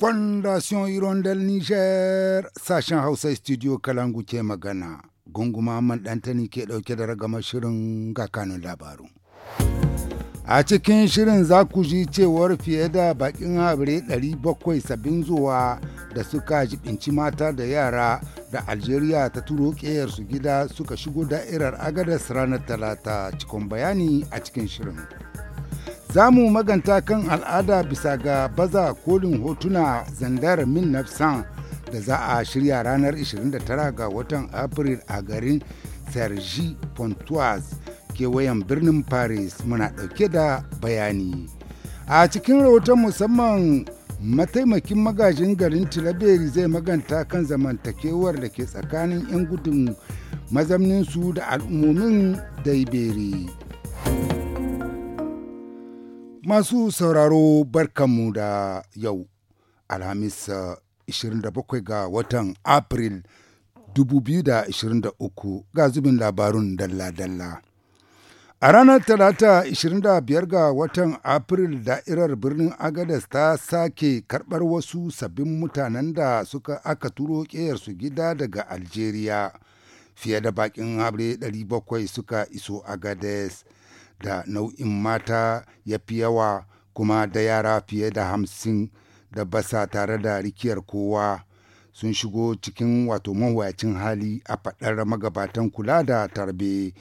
Fondation Hirondel Niger sashen Hausa Studio Kalangu ke magana, gunguma man ɗantani ke ɗauke da ragamar shirin ga kanun labarun A cikin shirin za ku ji cewar fiye da bakin habire 700 sabbin zuwa da suka jibinci mata da yara da Algeria ta turo su gida suka shigo da'irar agadas ranar talata cikin bayani a cikin shirin. Za mu maganta kan al'ada bisa ga baza kolin hotuna zandar min nafsan da za a shirya ranar 29 ga watan Afril a garin Sergi Pontoise kewayen birnin Paris muna ɗauke da bayani. A cikin rahoton musamman mataimakin magajin garin Tilaberi zai maganta kan zamantakewar da ke tsakanin 'yan gudun mazamninsu da al'ummomin daiberi. Masu sauraro barkanmu da yau, Alhamis 27 ga watan April 2023 ga zubin labarun dalla-dalla. A ranar Talata 25 ga watan Afril da'irar birnin Agadas ta sake karɓar wasu sabbin mutanen da suka aka turo su gida daga Algeria. Fiye da bakin habre 700 suka iso Agadez da nau'in mata ya fi yawa kuma da yara fiye da hamsin da basa tare da rikiyar kowa sun shigo cikin wato mawuyacin hali a faɗar magabatan kula da tarbe.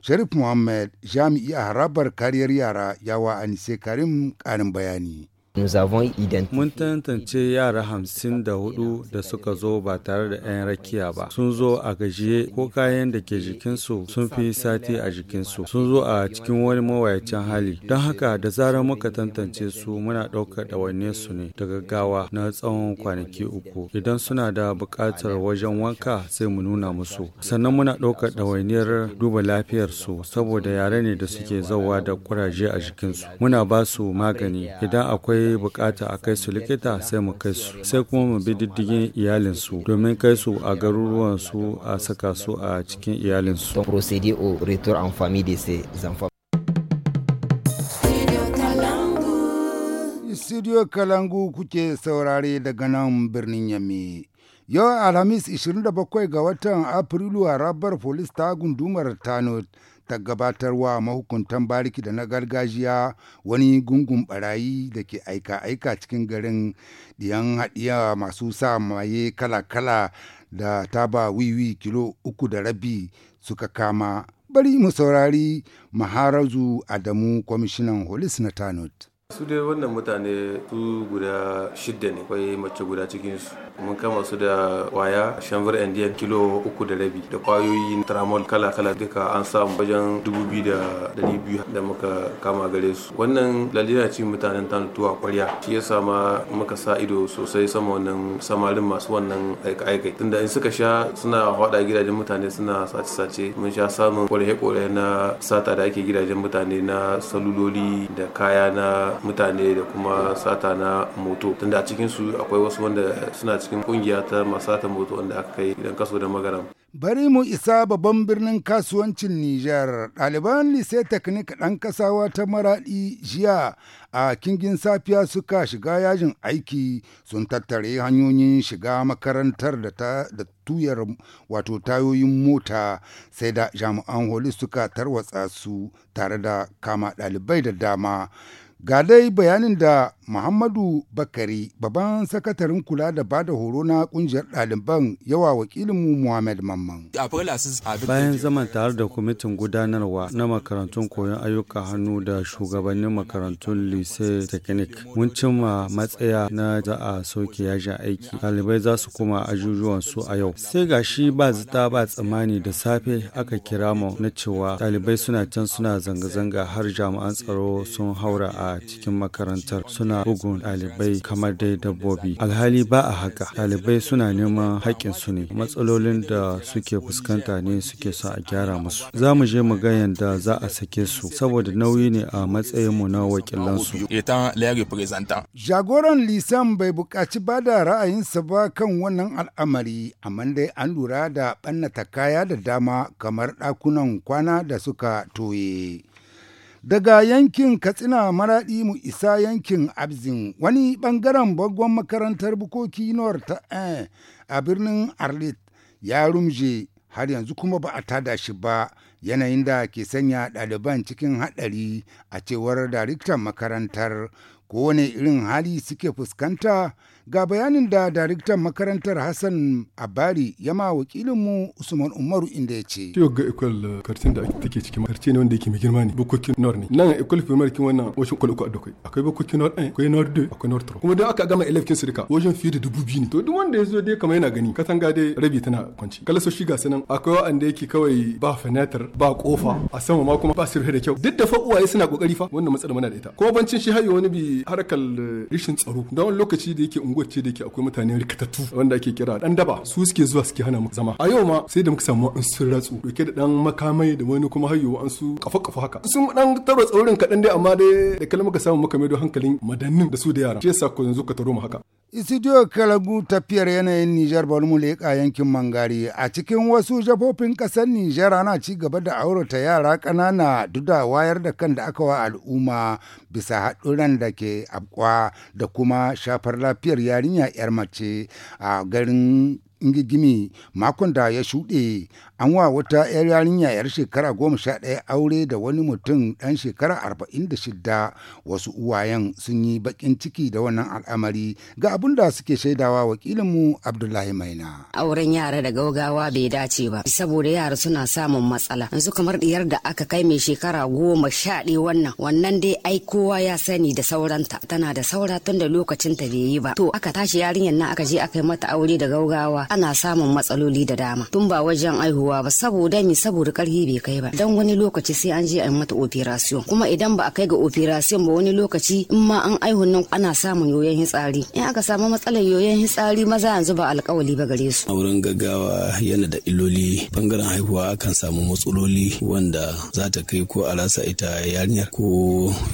Sharif Muhammad jami'i a harabar kariyar yara yawa Anise Karim karin bayani. Mun tantance yara hamsin da hudu da suka zo ba tare da 'yan rakiya ba. Sun zo a gajiye ko kayan da ke jikinsu sun fi sati a jikinsu. Sun zo a cikin wani mawayacin hali. Don haka da zarar muka tantance su muna ɗaukar ɗawainiyarsu su ne daga gawa na tsawon kwanaki uku. Idan suna da buƙatar wajen wanka sai mu nuna musu. Sannan muna ɗaukar ɗawainiyar duba lafiyar su saboda yare ne da suke zauwa da kuraje a jikinsu. Muna ba su magani idan akwai akwai bukata a kai su likita sai mu kai su sai kuma mu bi diddigin iyalin su domin kai su a garuruwan su a saka su a cikin iyalin su Studio Kalangu kuke saurare daga nan birnin yami Yau Alhamis 27 ga watan Afrilu a rabar polis ta gundumar tanot ta gabatar wa mahukuntan bariki da na gargajiya wani gungun barayi da ke aika-aika cikin garin diyan haɗiya masu sa maye kala-kala da taba wiwi kilo uku da rabi suka kama bari mu saurari maharazu adamu kwamishinan holis na tanut su dai wannan mutane su guda shidda ne kwai mace guda su. mun kama su da waya. shanvar indian kilo uku da rabi da kwayoyi tramol kala kala duka an samu wajen dubu biyu da dari biyu da muka kama gare su wannan lalina ci mutanen tanutuwa kwarya shi ya sama muka sa ido sosai sama wannan samarin masu wannan aika tunda in suka sha suna hada gidajen mutane suna sace sace mun sha samun korehe korehe na sata da ake gidajen mutane na saluloli da kaya na mutane da kuma sata na moto tunda a cikin akwai wasu wanda suna cikin kungiya ta masu sata moto wanda aka kai idan kaso da magaram bari mu isa babban birnin kasuwancin Nijar. Ɗaliban Lise Teknik ɗan kasawa ta maraɗi jiya a kingin safiya suka shiga yajin aiki sun tattare hanyoyin shiga makarantar da ta da tuyar wato tayoyin mota sai da jami'an holi suka tarwatsa su tare da kama ɗalibai da dama. Ga dai bayanin da Muhammadu Bakari, babban sakataren kula da ba da horo na kungiyar ɗaliban yawa wakilin mu Muhammad Mamman. Bayan zaman tare da kwamitin gudanarwa na makarantun koyon ayyuka hannu da shugabannin makarantun Lise teknik mun cimma matsaya na za a soke yajin aiki. Ɗalibai za su koma ajujuwan su a yau. Sai ga shi ba zita ba tsammani da safe aka kira mu na cewa ɗalibai suna can suna zanga-zanga har jami'an tsaro sun haura a a cikin makarantar suna bugun ɗalibai kamar dai dabbobi alhali ba a haka ɗalibai suna neman haƙƙin su ne matsalolin da suke fuskanta ne suke sa a gyara musu za mu je mu ga yadda za a sake su saboda nauyi ne a matsayinmu na su jagoran lisan bai buƙaci ba da ra'ayinsa ba kan wannan al'amari amma dai an lura da ɓannata kaya da dama kamar ɗakunan kwana da suka toye. Daga yankin Katsina maraɗi mu isa yankin Abzin wani ɓangaren bagwan makarantar bukoki Nor ta eh, a birnin Arlit ya rumje har yanzu kuma ba a tada shi ba yanayin da ke sanya ɗaliban cikin haɗari a cewar daraktan makarantar kowane irin hali suke fuskanta Ga bayanin da daraktan makarantar Hassan Abari ya ma wakilinmu Usman Umaru inda ya ce. Yau ga ikwal karcin da take cikin karce ne wanda yake mai girma ne bukukin nor ne. Nan ikwal primary kin wannan wajen kwal uku a dokai. Akwai bukukin nor ɗaya, akwai nor deux, akwai nor trois. Kuma don aka gama elef kin sirka wajen fiye da dubu biyu ne. To duk wanda ya zo dai kamar yana gani katanga dai rabi tana kwanci. kala so shi ga sanan akwai wa'anda yake kawai ba fenetar ba kofa a sama ma kuma ba sirhe da kyau. Duk da fa uwaye suna kokari fa wannan matsalar mana da ita. Ko bancin shi hayo wani bi harkar eh, rishin tsaro. don lokaci da yake ungu unguwar ce da ke akwai mutane rikatattu wanda ake kira dan daba su suke zuwa suke hana mu zama a yau ma sai da muka samu an sun ratsu dauke da dan makamai da wani kuma hayyo an su kafa kafa haka sun dan taro tsaurin kadan dai amma dai da kalmar ka samu muka maido hankalin madannin da su da yara shi yasa ko yanzu ka taro mu haka Isidiyo Kalagu tafiyar yanayin Nijar bari mu yankin Mangari a cikin wasu jafofin ƙasar Nijar ana ci gaba da aurata yara ƙanana duk da wayar da kan da aka wa al'umma bisa haɗuran da ke abkwa da kuma shafar lafiyar yarinya 'yar mace a garin ingigimi makon da ya shuɗe an wa wata 'yar yarinya 'yar shekara goma sha ɗaya aure da wani mutum ɗan shekara arba'in da shida wasu uwayen sun yi baƙin ciki da wannan al'amari ga abin da suke shaidawa wakilinmu abdullahi maina auren yara da gaugawa bai dace ba saboda yara suna samun matsala yanzu kamar diyar da aka kai mai shekara goma sha ɗaya wannan wannan dai ai kowa ya sani da sauranta tana da saura tun da lokacin ta bai yi ba to aka tashi yarinyar nan aka je aka yi mata aure da gaugawa ana samun matsaloli da dama tun ba wajen aihu. haihuwa ba saboda mi saboda karfi bai kai ba dan wani lokaci sai an je a mata operation kuma idan ba a kai ga operation ba wani lokaci in ma an aihu nan ana samun yoyon hitsari in aka samu matsalar yoyon hitsari maza yanzu ba alkawali ba gare su wurin gaggawa yana da iloli. bangaren haihuwa akan samu matsaloli wanda za ta kai ko a rasa ita yarinyar ko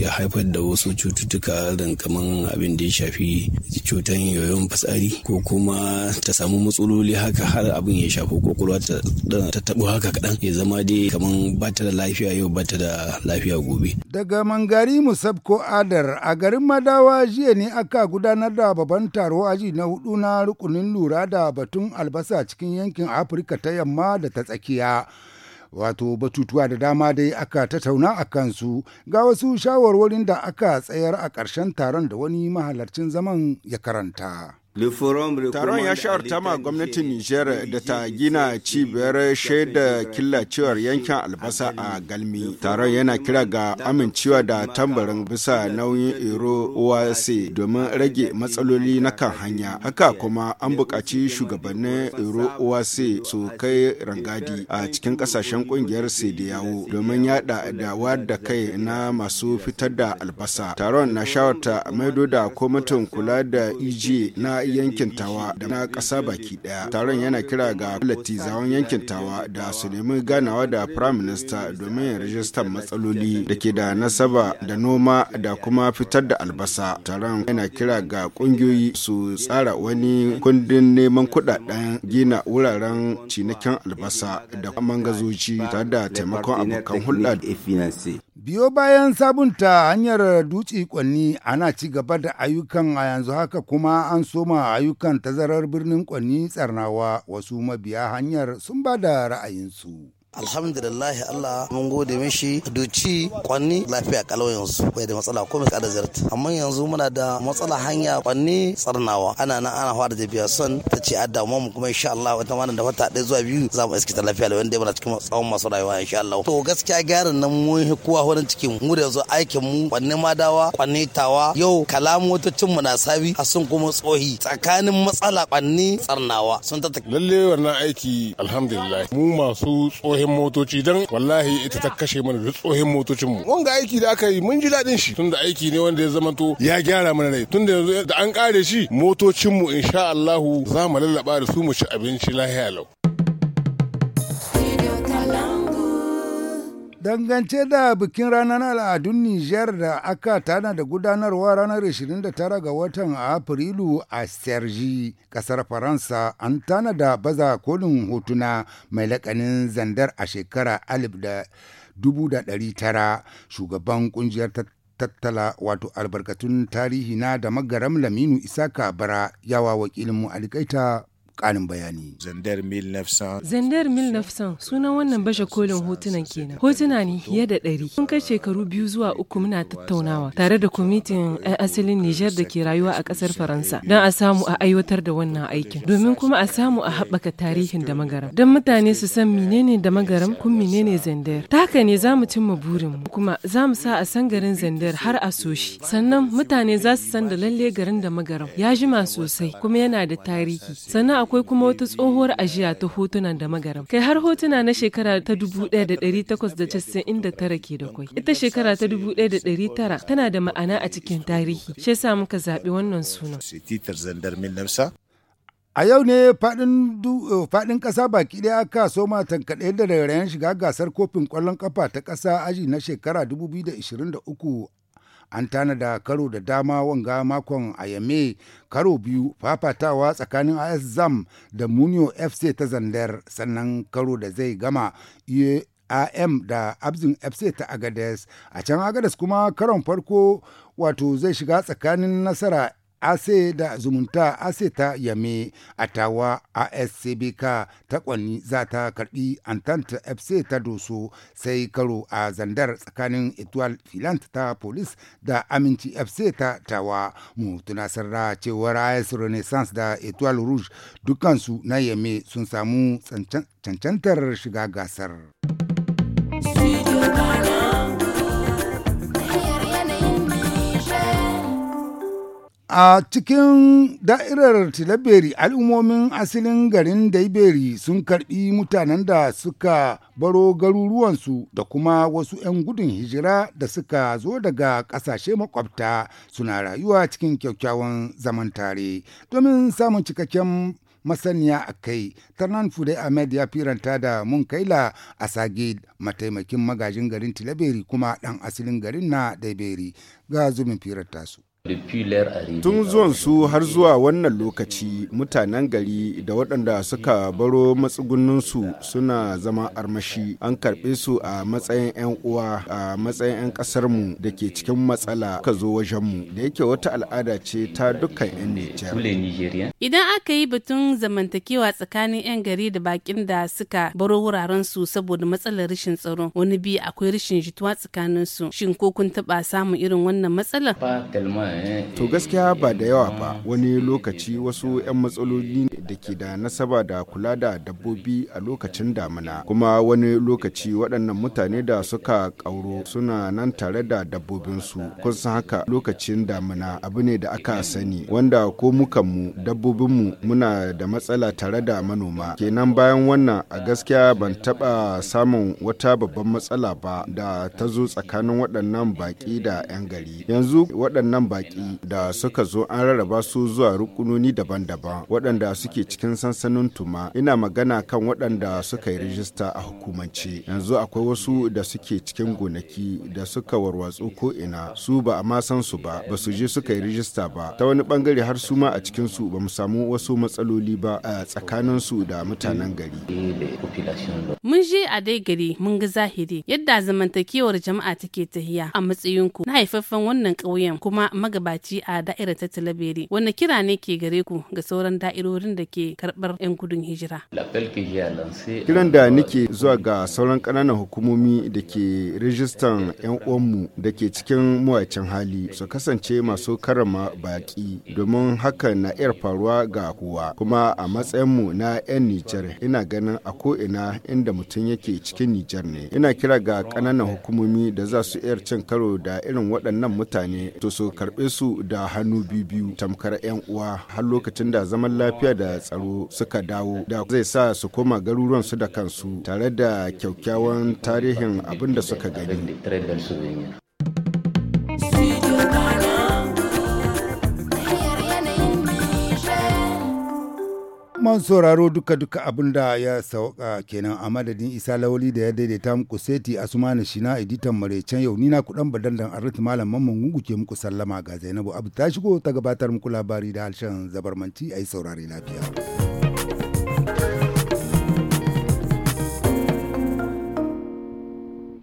ya haifar da wasu cututtuka da kaman abin da ya shafi cutan yoyon fitsari ko kuma ta samu matsaloli haka har abin ya shafi kwakwalwa ta tattaɓo haka kaɗan ya zama dai kaman ba ta da lafiya yau ba ta da lafiya gobe. Daga Mangari Musabko Adar a garin Madawa jiya ne aka gudanar da babban taro aji na hudu na rukunin lura da batun albasa cikin yankin Afirka ta yamma da ta tsakiya. Wato batutuwa da dama dai aka tattauna a kansu ga wasu shawarwarin da aka tsayar a ƙarshen taron da wani mahalarcin zaman ya karanta. Taron ya sha'arta ma gwamnatin Nijar da ta gina cibiyar shaida killacewar yankin albasa a Galmi. Taron yana kira ga amincewa da tambarin bisa nauyin Ero OAC domin rage matsaloli na kan hanya. Haka kuma an buƙaci shugabannin Ero OAC su kai rangadi a cikin ƙasashen ƙungiyar sidiyawo domin yaɗa dawa da kai na masu fitar da albasa. Taron na shawarta maido da kwamitin kula da EJ e na na yankin tawa da na ƙasa baki ɗaya. Taron yana kira ga lattizawan yankin tawa da su nemi ganawa da Prime Minister domin ya rajistan matsaloli da ke da nasaba da noma da kuma fitar da albasa. Taron yana kira ga ƙungiyoyi su tsara wani kundin neman kuɗaɗen gina wuraren cinikin albasa da mangazoci tare da taimakon abokan hulɗa. Biyo bayan sabunta hanyar dutse kwanni ana ci gaba da ayyukan a yanzu haka kuma an soma ayyukan tazarar birnin kwanni tsarnawa wasu mabiya hanyar sun ba da ra'ayinsu. alhamdulillah Allah mun gode mishi duci kwanni lafiya kalau yanzu bai da matsala komai ka da zarta amma yanzu muna da matsala hanya kwanni tsarnawa ana nan ana fara da biya son ta ce a damu mu kuma insha Allah wata mana da wata ɗaya zuwa biyu za mu iske ta lafiya wanda muna cikin tsawon masu rayuwa insha Allah to gaskiya gyaran nan mun yi kowa wurin cikin mu da yanzu aikin mu kwanni madawa kwanni tawa yau kalamu cin mu na sabi a sun kuma tsohi tsakanin matsala kwanni tsarnawa sun ta lalle wannan aiki alhamdulillah mu masu tsohi tsohin motoci don wallahi ita ta kashe mana da tsohin motocinmu wanga aiki da aka yi mun ji daɗin shi tunda aiki ne wanda ya zama to, ya gyara mana rai tunda yanzu da an kare shi motocinmu insha Allahu za mu lallaba da su mu ci abinci lahiya lau dangance da bikin ranar al'adun Nijar da aka tana da gudanarwa ranar 29 ga watan Afrilu a Sergi, kasar Faransa an tana da baza kolin hotuna mai lakanin zandar a shekara 1900 shugaban kungiyar tattala wato albarkatun tarihi na da magaram Laminu Isaka Bara yawa wakilinmu alikaita ƙarin bayani. Zandar 1900. Zandar 1900 sunan wannan bashe kolin hotunan kenan. Hotuna ne fiye da ɗari. Mun kai shekaru biyu zuwa uku muna tattaunawa tare da kwamitin 'yan asalin Nijar da ke rayuwa a ƙasar Faransa don a samu a aiwatar da wannan aikin. Domin kuma a samu a haɓaka tarihin da magaram. Don mutane su san menene da magaram kun menene Zandar. Ta haka ne za mu cimma burinmu kuma za mu sa a san garin Zandar har a soshi. Sannan mutane za su san da lalle garin da magaram ya jima sosai kuma yana da tarihi. Sannan akwai kuma wata tsohuwar ajiya ta hotunan da magaram. Kai har hotuna na shekara ta tara ke da kwai. Ita shekara ta tara tana da ma'ana a cikin tarihi. Shi yasa muka zaɓi wannan sunan. A yau ne eh, faɗin ƙasa baki ɗaya aka soma tankaɗe da rairayen shiga gasar kofin ƙwallon ƙafa ta ƙasa aji na shekara 2023 an tanada karo da dama wanga makon a yame karo biyu fafatawa tsakanin azam da munio fc ta zandar sannan karo da zai gama e am da abzin fc ta agades a can agades kuma karon farko wato zai shiga tsakanin nasara ase da zumunta ase ta yame atawa scbk ta kwani za ta karbi antanta fc ta doso sai karo a zandar tsakanin etoile filant ta polis da aminci fc ta tawa mu tunasar da cewar as renaissance da etoile rouge dukansu na yame sun samu cancantar shiga gasar. Studio A cikin da'irar Tilaberi al'ummomin asalin garin Daiberi sun karɓi mutanen da suka baro garuruwansu da kuma wasu 'yan gudun hijira da suka zo daga ƙasashe makwabta suna rayuwa cikin kyakkyawan zaman tare. Domin samun cikakken masaniya a kai, Tarnan Fude Ahmed ya firanta da mun la a Sage mataimakin magajin garin Tilaberi kuma ɗan asalin garin na Daiberi ga zumin firanta su. Tun zuwan su har zuwa wannan lokaci mutanen gari da waɗanda suka baro matsugunninsu suna zama armashi an karɓe su a matsayin 'yan uwa a matsayin 'yan ƙasarmu da ke cikin matsala ka zo wajenmu da yake wata al'ada ce ta dukkan 'yan Nijar. Idan aka yi batun zamantakewa tsakanin 'yan gari da bakin da suka baro wuraren su saboda matsalar rashin tsaro wani bi akwai rashin jituwa tsakanin su shin ko kun taɓa samun irin wannan matsalar? To gaskiya ba da yawa ba wani lokaci wasu 'yan matsaloli da ke da nasaba da kula da dabbobi a lokacin damina kuma wani lokaci waɗannan mutane da suka ƙauro suna nan tare da dabbobinsu kun san haka lokacin damina abu ne da aka sani wanda ko mukanmu dabbobinmu muna da matsala tare da manoma kenan bayan wannan a gaskiya ban taɓa samun wata babban matsala ba da ta zo tsakanin waɗannan baƙi da 'yan gari yanzu waɗannan baƙi da suka zo an rarraba su zuwa rukunoni daban-daban waɗanda suke cikin sansanin tuma ina magana kan waɗanda suka yi rijista a hukumance yanzu akwai wasu da suke cikin gonaki da suka warwatsu ko ina su ba a ma san su ba ba su je suka yi rijista ba ta wani bangare har su ma a cikin su ba mu samu wasu matsaloli ba a tsakanin su da mutanen gari mun je a dai gari mun ga zahiri yadda zamantakewar jama'a take tahiya a matsayin ku na haifaffen wannan ƙauyen kuma magabaci a da'irar ta talabere wanda kira ne ke gare ku ga sauran da'irorin da ke karbar 'yan gudun hijira kiran da nake zuwa ga sauran kananan hukumomi da ke rijistan 'yan uwanmu da ke cikin mawacin hali su kasance masu karama baƙi domin hakan na iya faruwa ga kowa kuma a matsayinmu na 'yan nijar ina ganin a ko ina inda mutum yake cikin nijar ne ina kira ga kananan hukumomi da za su iya cin karo da irin waɗannan mutane to su karɓi karbe su da hannu biyu tamkar 'yan uwa har lokacin da zaman lafiya da tsaro suka dawo da zai sa su koma garuruwan su da kansu tare da kyakkyawan tarihin abin da suka gani. man sauraro duka-duka abin da ya sauka kenan a madadin isa lawali da ya daidaita muku seti asumani shina editan maraicen yau nina kudan badandan arit malam mamman gugu ke muku sallama ga zainabu abu ta shigo ta gabatar muku labari da harshen zabarmanci a yi saurari lafiya.